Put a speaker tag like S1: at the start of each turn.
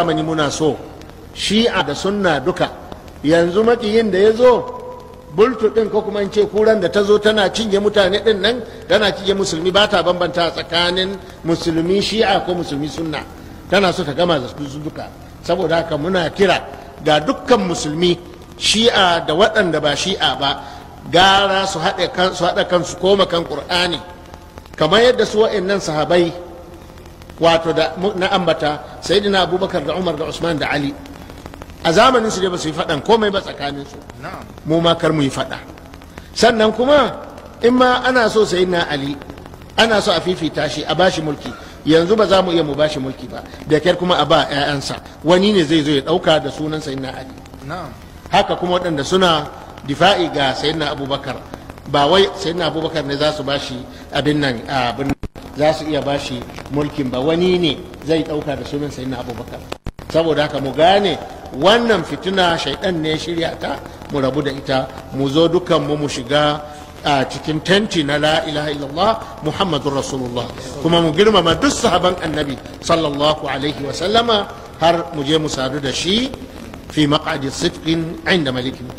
S1: zamani muna so shi'a da sunna duka yanzu makiyin da ya zo bultu ɗin ko kuma in ce kuran da ta zo tana cinye mutane ɗin nan tana cinye musulmi ba ta bambanta tsakanin musulmi shi'a ko musulmi sunna tana so ta gama da su duka saboda haka muna kira ga dukkan musulmi shi'a da waɗanda ba shi'a ba gara su haɗa kansu koma kan ƙur'ani kamar yadda su waɗannan sahabai wato da na ambata sayyidina abubakar da umar da usman da ali a zamanin su dai ba su yi faɗan komai ba tsakanin su mu ma kar mu yi faɗa sannan kuma in ma ana so sayyidina ali ana so a fifita shi a bashi mulki yanzu ba za mu iya mu bashi mulki ba da kyar kuma a ba 'ya'yansa wani ne zai zo ya ɗauka da sunan sayyidina ali haka kuma waɗanda suna difa'i ga sayyidina abubakar ba wai sayyidina abubakar ne za su bashi abin nan abin za su iya bashi mulkin ba wani ne zai ɗauka da sunan sayyidina abubakar saboda haka mu gane wannan fitina shaidan ne shirya ta mu rabu da ita mu zo dukan mu mu shiga a cikin tenti na la ilaha illallah muhammadun rasulullah kuma mu girmama duk sahaban annabi sallallahu alaihi wa sallama har mu je mu sadu da shi fi maqadi sidqin inda malikin